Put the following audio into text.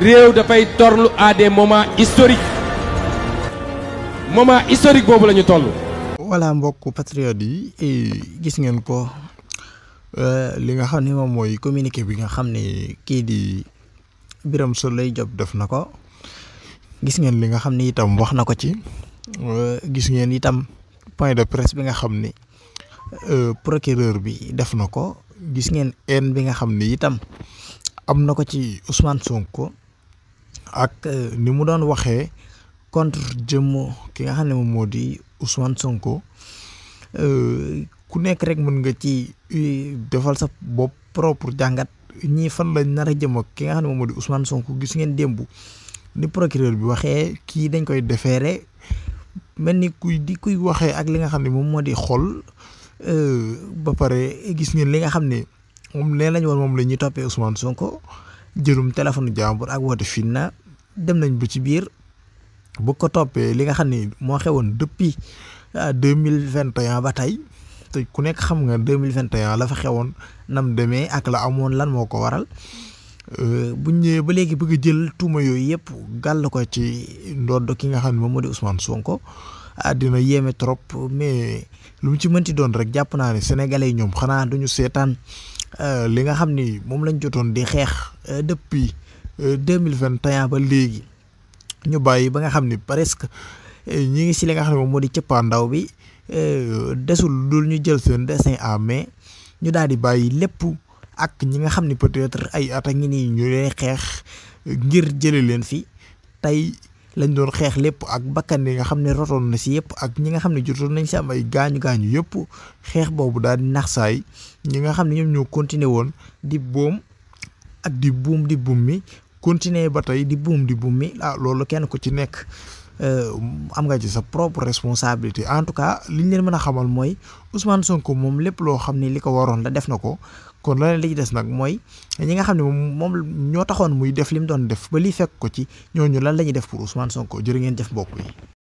réew dafay torlu à des moments historiques moment historique boobu la ñu toll. voilà mbokk patriote yi gis ngeen ko euh, li nga xam ne moom mooy communiqué bi nga xam ne kii di Birame Souleye Diop def na ko gis ngeen li nga xam ne itam wax na ko ci euh, gis ngeen itam point de presse bi nga xam ni euh, procureur bi def na ko gis ngeen haine bi nga xam ni itam am na ko ci Ousmane ko ak euh, ni mu doon waxee contre jëmm ki nga xam ne moom moo di Ousmane Sonko euh, ku nekk rek mën nga ci euh, defal sa bopp propre jàngat ñii fan lañ nar a jëm ki nga xam ne moom moo di Ousmane Sonko gis ngeen ni procureur bi waxee kii dañ koy defeere mel ni kuy di kuy waxee ak li nga xam ne moom moo di xol ba pare gis ngeen li nga xam ne moom nee lañu woon moom la ñuy toppee Ousmane Sonko jëlum téléphone jàmbur ak woote finna dem nañ bu ci biir bu ko toppee li nga xam ne moo xewoon depuis ah, deux mille vingt et ba tey te ku nekk xam nga deux mille vingt et la fa xewoon nam demee ak la amoon lan moo ko waral euh, buñ ñëwee ba léegi bëgg jël tuuma yooyu yëpp gàll ko ci ndodd ki nga xam ne moom moo di Sonko ah, dina yéeme trop mais lu mu ci doon rek jàpp naa ne sénégalais yi ñoom xanaa duñu seetaan euh, li nga xam ni moom lañ jotoon di xeex euh, depuis. Euh, deux mille vingt et ba léegi ñu bàyyi ba nga xam ni presque euh, ñu ngi si li nga xam ne moom moo di cëppaandaw bi euh, desul dul ñu jël seen desin en mais ñu daal di bàyyi lépp ak ñi nga xam ni peut-être ay at ngi nii ñu lay xeex ngir jële leen fi tey lañ doon xeex lépp ak bakkan yi nga xam ne rotoon na si yëpp ak ñi nga xam ne jotoon nañ si am ay gaañu gaañu yëpp xeex boobu daal di nax saay ñi nga xam ne ñoom ñoo continuer woon di boom ak di buum di buum mi continuer ba tey di buum di buum mi ah loolu kenn ku ci nekk eh, am nga ci sa propre responsabilité en tout cas li ñu leen mën a xamal mooy Ousmane Sonko moom lépp loo xam ni li ko waroon la def na ko kon leneen li ci des nag mooy ñi nga xam ne moom moom ñoo taxoon muy def li mu doon def ba li fekk ko ci ñooñu lan la ñuy def pour Ousmane Sonko jërë ngeen jëf mbokk yi.